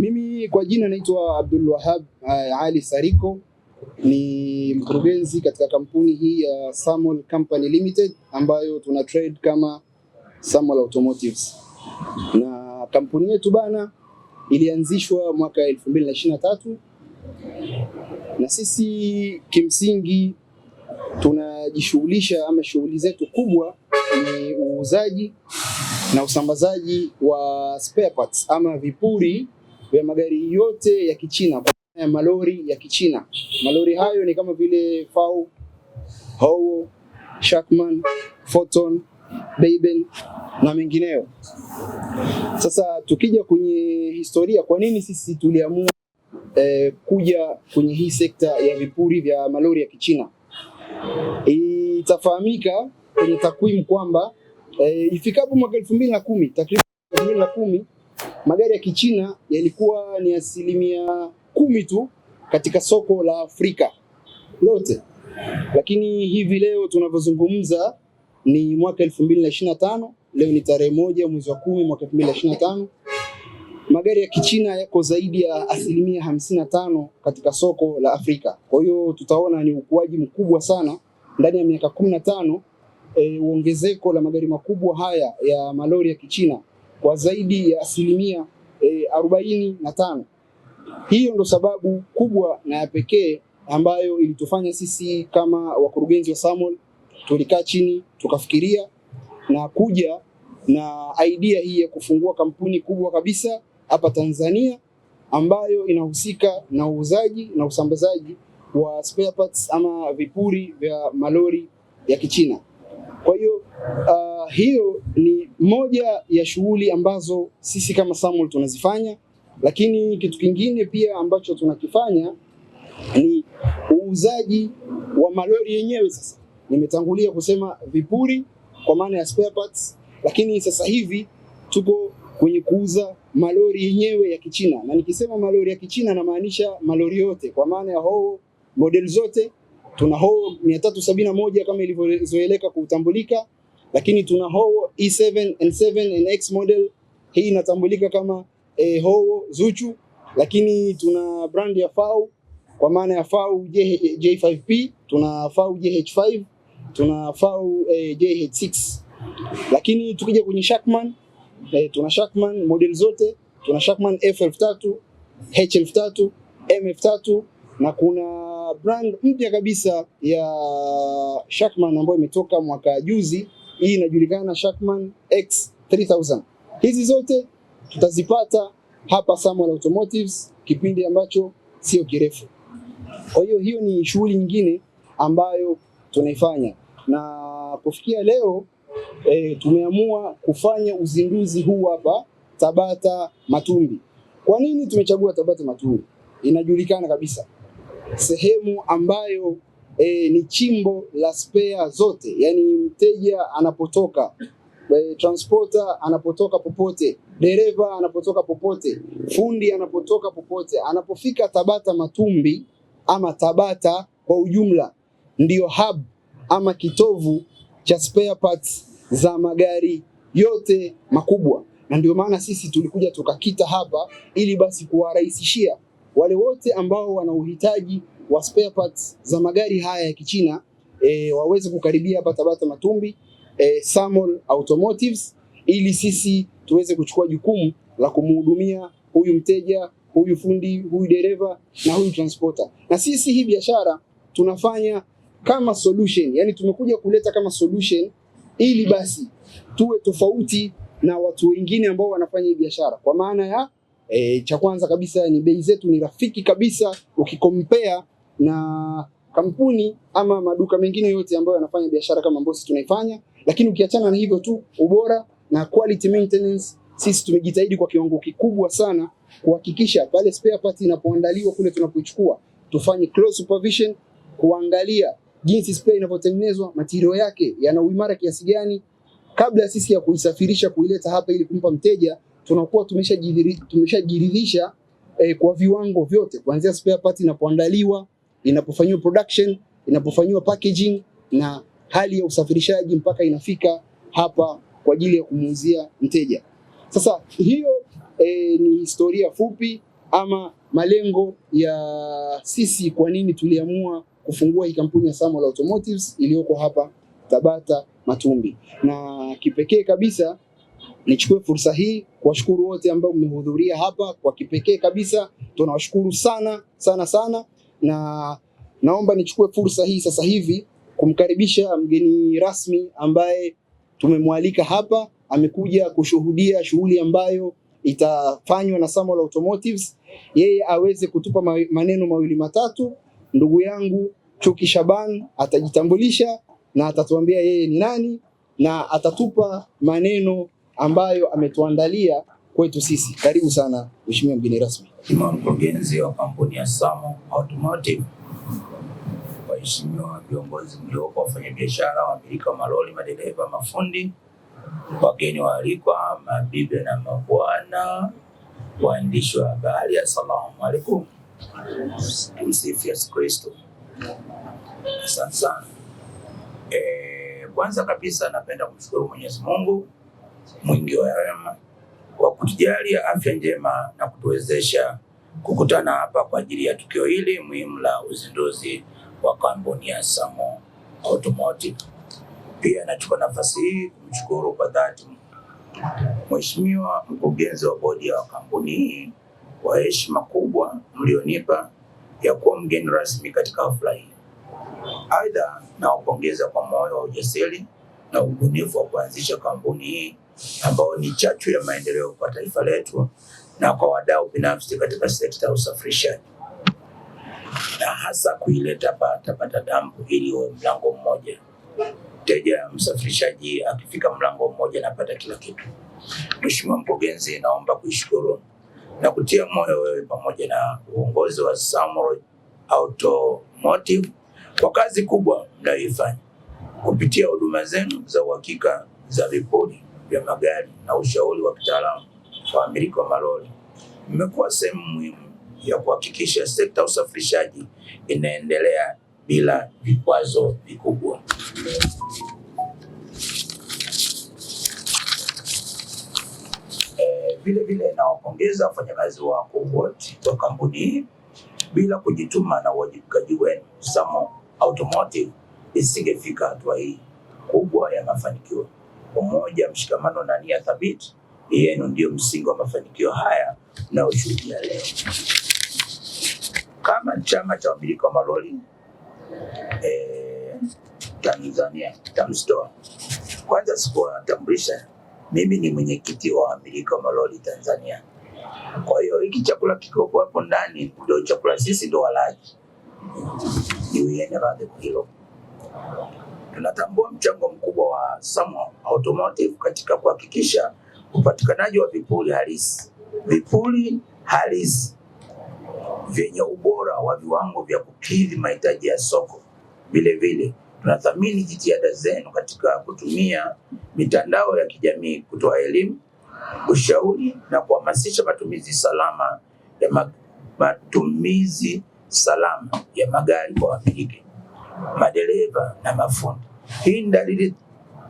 Mimi kwa jina naitwa Abdul Wahab uh, Ali Sariko ni mkurugenzi katika kampuni hii ya uh, Samol Company Limited ambayo tuna trade kama Samol Automotives. Na kampuni yetu bana ilianzishwa mwaka 2023 na sisi kimsingi tunajishughulisha ama shughuli zetu kubwa ni uuzaji na usambazaji wa spare parts ama vipuri ya magari yote ya Kichina, ya malori ya Kichina. Malori hayo ni kama vile Fau, Howo, Shakman, Photon, Beiben na mengineo. Sasa tukija kwenye historia, kwa nini sisi tuliamua eh, kuja kwenye hii sekta ya vipuri vya malori ya Kichina? Itafahamika kwenye takwimu kwamba eh, ifikapo mwaka elfu mbili na kumi takriban elfu mbili na kumi magari ya Kichina yalikuwa ni asilimia kumi tu katika soko la Afrika lote, lakini hivi leo tunavyozungumza ni mwaka 2025. Leo ni tarehe moja mwezi wa kumi mwaka 2025. Magari ya Kichina yako zaidi ya asilimia hamsini tano katika soko la Afrika. Kwa hiyo tutaona ni ukuaji mkubwa sana ndani ya miaka 15, e, eh, uongezeko la magari makubwa haya ya malori ya Kichina kwa zaidi ya asilimia e, arobaini na tano. Hiyo ndo sababu kubwa na ya pekee ambayo ilitufanya sisi kama wakurugenzi wa SAMOL tulikaa chini tukafikiria na kuja na idea hii ya kufungua kampuni kubwa kabisa hapa Tanzania ambayo inahusika na uuzaji na usambazaji wa spare parts ama vipuri vya malori ya Kichina. Kwa hiyo uh, hiyo ni moja ya shughuli ambazo sisi kama SAMWEL tunazifanya, lakini kitu kingine pia ambacho tunakifanya ni uuzaji wa malori yenyewe. Sasa nimetangulia kusema vipuri kwa maana ya spare parts, lakini sasa hivi tuko kwenye kuuza malori yenyewe ya Kichina, na nikisema malori ya Kichina namaanisha malori yote kwa maana ya hoo model zote Tuna hoho 371 kama ilivyozoeleka kutambulika, lakini tuna hoho E7 N7 na X model, hii inatambulika kama eh, hoho Zuchu, lakini tuna brand ya FAU kwa maana ya FAU J5P, tuna FAU JH5, tuna FAU eh, JH6. Lakini tukija kwenye Shackman eh, tuna Shackman model zote, tuna Shackman F3000, H3000, M3000 na kuna brand mpya kabisa ya Shackman ambayo imetoka mwaka juzi. Hii inajulikana Shackman X 3000. Hizi zote tutazipata hapa Samuel Automotives kipindi ambacho sio kirefu. Kwa hiyo hiyo ni shughuli nyingine ambayo tunaifanya na kufikia leo e, tumeamua kufanya uzinduzi huu hapa Tabata Matumbi. Kwa nini tumechagua Tabata Matumbi? Inajulikana kabisa sehemu ambayo e, ni chimbo la spare zote, yaani mteja anapotoka e, transporter anapotoka popote, dereva anapotoka popote, fundi anapotoka popote, anapofika Tabata Matumbi ama Tabata kwa ujumla, ndio hub ama kitovu cha spare parts za magari yote makubwa, na ndio maana sisi tulikuja tukakita hapa ili basi kuwarahisishia wale wote ambao wana uhitaji wa spare parts za magari haya ya Kichina e, waweze kukaribia hapa Tabata Matumbi e, Samol Automotives ili sisi tuweze kuchukua jukumu la kumhudumia huyu mteja, huyu fundi, huyu dereva na huyu transporter. Na sisi hii biashara tunafanya kama solution, yani tumekuja kuleta kama solution ili basi tuwe tofauti na watu wengine ambao wanafanya hii biashara kwa maana ya E, cha kwanza kabisa ni bei zetu ni rafiki kabisa ukikompea na kampuni ama maduka mengine yote ambayo yanafanya biashara kama Mbosi tunaifanya. Lakini ukiachana na hivyo tu, ubora na quality maintenance, sisi tumejitahidi kwa kiwango kikubwa sana kuhakikisha pale spare part inapoandaliwa kule tunapochukua, tufanye close supervision, kuangalia jinsi spare inavyotengenezwa, matirio yake yana uimara kiasi gani, kabla sisi ya kuisafirisha kuileta hapa ili kumpa mteja tunakuwa tumeshajiridhisha eh, kwa viwango vyote kuanzia spare part inapoandaliwa, inapofanyiwa production, inapofanyiwa packaging na hali ya usafirishaji mpaka inafika hapa kwa ajili ya kumuuzia mteja. Sasa hiyo e, ni historia fupi ama malengo ya sisi, kwa nini tuliamua kufungua hii kampuni ya Samol Automotives iliyoko hapa Tabata Matumbi, na kipekee kabisa Nichukue fursa hii kuwashukuru wote ambao mmehudhuria hapa, kwa kipekee kabisa tunawashukuru sana sana sana, na naomba nichukue fursa hii sasa hivi kumkaribisha mgeni rasmi ambaye tumemwalika hapa. Amekuja kushuhudia shughuli ambayo itafanywa na Samol Automotives, yeye aweze kutupa maneno mawili matatu. Ndugu yangu Chuki Shaban atajitambulisha na atatuambia yeye ni nani na atatupa maneno ambayo ametuandalia kwetu sisi. Karibu sana Mheshimiwa mgeni rasmi. Mheshimiwa mkurugenzi wa kampuni ya Samo Automotive, waheshimiwa viongozi mliopo, wafanyabiashara, wamiliki wa maloli madereva, mafundi, wageni waalikwa, mabibi na mabwana, waandishi wa habari, assalamu alaikum. Tumsifu Yesu Kristo. Asante sana. Eh, kwanza kabisa napenda kumshukuru Mwenyezi Mungu mwingi wa rehema kwa kutujalia afya njema na kutuwezesha kukutana hapa kwa ajili ya tukio hili muhimu la uzinduzi wa kampuni ya Samo Automotive. Pia nachukua nafasi hii kumshukuru kwa dhati Mheshimiwa mkurugenzi wa bodi ya kampuni hii kwa heshima kubwa mlionipa ya kuwa mgeni rasmi katika hafla hii. Aidha, nawapongeza kwa moyo wa ujasiri na ubunifu wa kuanzisha kampuni hii ambao ni chachu ya maendeleo kwa taifa letu na kwa wadau binafsi katika sekta ya usafirishaji na hasa kuileta Patapata dampu ili iwe mlango mmoja. Mteja msafirishaji akifika mlango mmoja anapata kila kitu. Mheshimiwa Mkurugenzi, naomba kuishukuru na kutia moyo wewe pamoja na uongozi wa Samro Automotive kwa kazi kubwa mnayoifanya kupitia huduma zenu za uhakika za vipuri vya magari na ushauri wa kitaalamu kwa wamiliki wa malori mmekuwa sehemu muhimu ya kuhakikisha sekta ya usafirishaji inaendelea bila vikwazo vikubwa. Eh, vile vile nawapongeza wafanyakazi wako wote wa kampuni hii. Bila kujituma na uwajibikaji wenu, Samo Automotive isingefika hatua hii kubwa ya mafanikio umoja, mshikamano na nia thabiti yenu ndio msingi wa mafanikio haya mnayoshuhudia leo. Kama chama cha wamiliki wa malori e, Tanzania TAMSTOA, kwanza sikuwatambulisha, mimi ni mwenyekiti wa wamiliki wa malori Tanzania. Kwa hiyo hiki chakula kiko hapo ndani ndio chakula, sisi ndio walaji, niwiene radhi kwa hilo tunatambua mchango mkubwa wa Samuel Automotive katika kuhakikisha upatikanaji wa vipuri halisi, vipuri halisi vyenye ubora wa viwango vya kukidhi mahitaji ya soko. Vilevile tunathamini jitihada zenu katika kutumia mitandao ya kijamii kutoa elimu, ushauri na kuhamasisha matumizi salama ya ma matumizi salama ya magari kwa wamiliki, madereva na mafundi. Hii ni dalili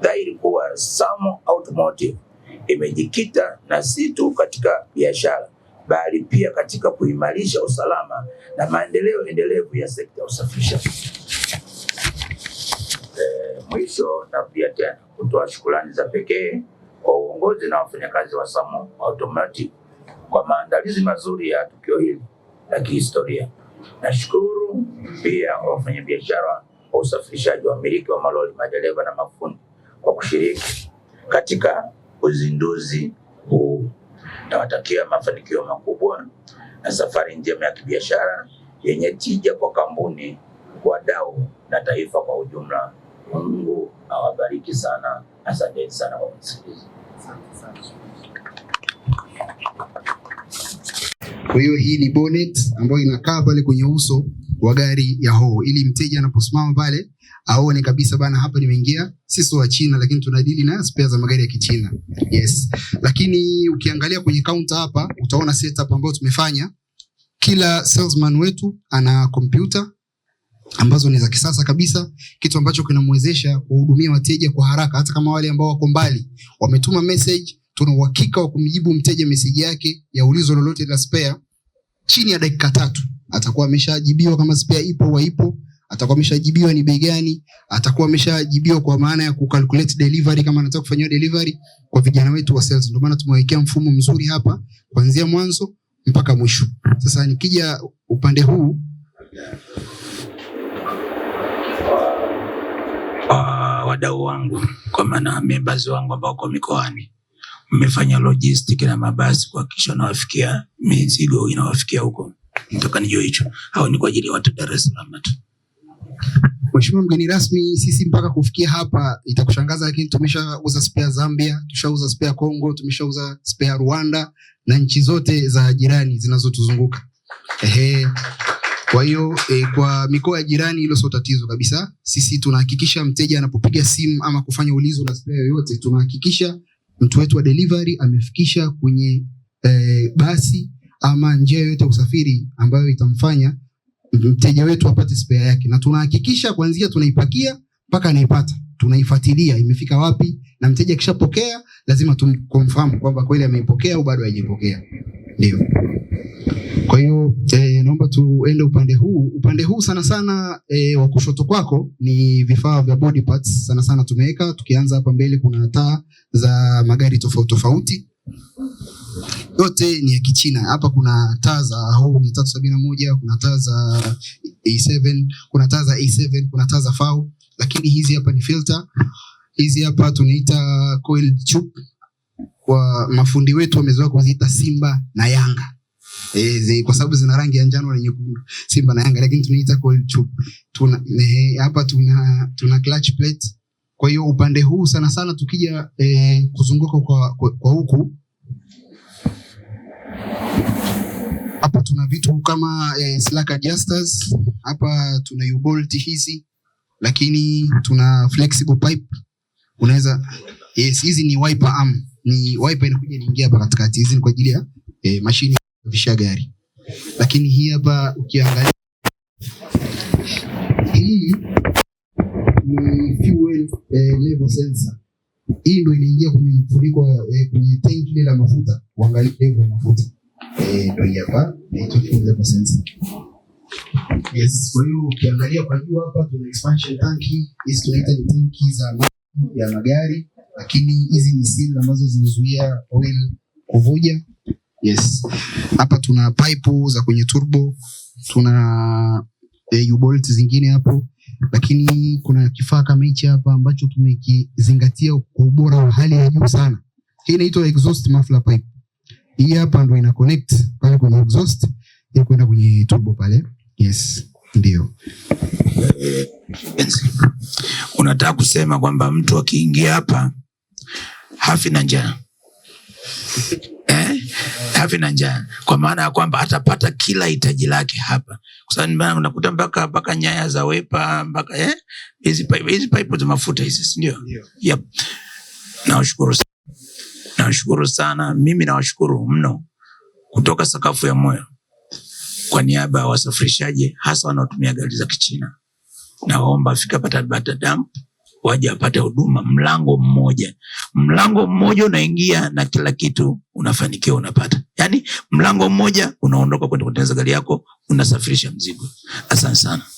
dhahiri kuwa Samo Automotive imejikita na si tu katika biashara bali pia katika kuimarisha usalama na maendeleo endelevu ya sekta ya usafirishaji. E, mwisho narudia tena kutoa shukrani za pekee kwa uongozi na wafanyakazi wa Samo Automotive kwa maandalizi mazuri ya tukio hili la kihistoria. Nashukuru pia wafanyabiashara kwa usafirishaji wa miliki wa malori, madereva na mafundi kwa kushiriki katika uzinduzi huu. Nawatakia mafanikio makubwa na safari njema ya kibiashara yenye tija kwa kampuni, wadau na taifa kwa ujumla. Mungu awabariki sana. Asanteni sana kwa kusikiliza. Kwa hiyo hii ni bonnet ambayo inakaa pale kwenye uso wa gari ya ho, ili mteja anaposimama pale aone kabisa bana, hapa nimeingia. Sisi wa China, lakini tunadili na spare za magari ya Kichina. Yes, lakini ukiangalia kwenye kaunta hapa utaona setup ambayo tumefanya. Kila salesman wetu ana kompyuta ambazo ni za kisasa kabisa, kitu ambacho kinamwezesha kuhudumia wateja kwa haraka. Hata kama wale ambao wako mbali wametuma message, tuna uhakika wa kumjibu mteja message yake ya ulizo lolote la spare chini ya dakika tatu atakuwa ameshajibiwa kama spare ipo waipo, atakuwa ameshajibiwa ni bei gani, atakuwa ameshajibiwa kwa maana ya kucalculate delivery, kama anataka kufanyia delivery kwa vijana wetu wa sales. Ndio maana tumewekea mfumo mzuri hapa kuanzia mwanzo mpaka mwisho. Sasa nikija upande huu ah, wadau wangu kwa maana members wangu ambao wako mikoani mmefanya logistic na mabasi kuhakikisha unawafikia mizigo inawafikia huko. Nataka nijue hicho. Hao ni kwa ajili ya watu Dar es Salaam tu. Mheshimiwa mgeni rasmi, sisi mpaka kufikia hapa itakushangaza, lakini tumeshauza spare Zambia, tumeshauza spare Congo, tumeshauza spare Rwanda na nchi zote za jirani zinazotuzunguka. Ehe. Kwa hiyo e, kwa mikoa ya jirani hilo sio tatizo kabisa. Sisi tunahakikisha mteja anapopiga simu ama kufanya ulizo la spare yoyote, tunahakikisha mtu wetu wa delivery amefikisha kwenye e, basi ama njia yoyote ya usafiri ambayo itamfanya mteja wetu apate spare yake, na tunahakikisha kwanzia tunaipakia mpaka anaipata, tunaifuatilia imefika wapi, na mteja akishapokea lazima tumconfirm kwamba kweli ameipokea au bado hajapokea. Ndio. Kwa hiyo e, naomba tuende upande huu. Upande huu sana sana e, wa kushoto kwako ni vifaa vya body parts sana sana tumeweka, tukianza hapa mbele kuna taa za magari tofauti tofauti yote ni ya Kichina. Hapa kuna taa za huu mia tatu sabini na moja kuna taa za A7 e kuna taa za A7 e kuna taa za FAO, lakini hizi hapa ni filter. Hizi hapa tunaita coil tube, kwa mafundi wetu wamezoea kuziita Simba na Yanga E, kwa sababu zina rangi ya njano na nyekundu, Simba na Yanga, lakini tunaita coil tube. Tuna hapa tuna, tuna clutch plate kwa hiyo upande huu sana sana tukija eh, kuzunguka kwa, kwa, kwa huku hapa tuna vitu kama eh, slack adjusters hapa tuna U-bolt hizi, lakini tuna flexible pipe unaweza yes, hizi ni wiper arm, ni wiper inakuja inaingia hapa katikati. Hizi ni kwa ajili ya eh, mashine ya kusafisha gari, lakini hii hapa ukiangalia hii ni eh, level sensor. Hii ndio inaingia kwenye mfuniko eh, kwenye tanki ile la mafuta, kuangalia level ya mafuta. Eh, ndio hii hapa inaitwa fuel level sensor. Yes, kwa hiyo ukiangalia kwa juu hapa tuna expansion tanki, hizi tunaita ni tanki za ya magari, lakini hizi ni seal ambazo zinazuia oil kuvuja. Yes. Hapa tuna pipe za kwenye turbo, tuna eh, U-bolt zingine hapo lakini kuna kifaa kama hichi hapa ambacho tumekizingatia kwa ubora wa hali ya juu sana. Hii inaitwa exhaust muffler pipe. Hii hapa ndo ina connect pale kwenye exhaust ili kwenda kwenye turbo pale. Yes, ndio. Unataka kusema kwamba mtu akiingia hapa hafi na njaa hafi na njaa, kwa maana ya kwamba atapata kila hitaji lake hapa, kwa sababu unakuta mpaka mpaka nyaya za wepa mpaka eh? hizi eh, pipe hizi pipe za mafuta hizi, si ndio? Yep. Nawashukuru sana, nawashukuru sana, mimi nawashukuru mno kutoka sakafu ya moyo kwa niaba ya wasafirishaji hasa wanaotumia gari za Kichina, nawaomba afika Patapata damp waje apate huduma, mlango mmoja. Mlango mmoja unaingia na kila kitu unafanikiwa, unapata. Yani mlango mmoja unaondoka kwenda kutengeneza gari yako, unasafirisha mzigo. Asante sana.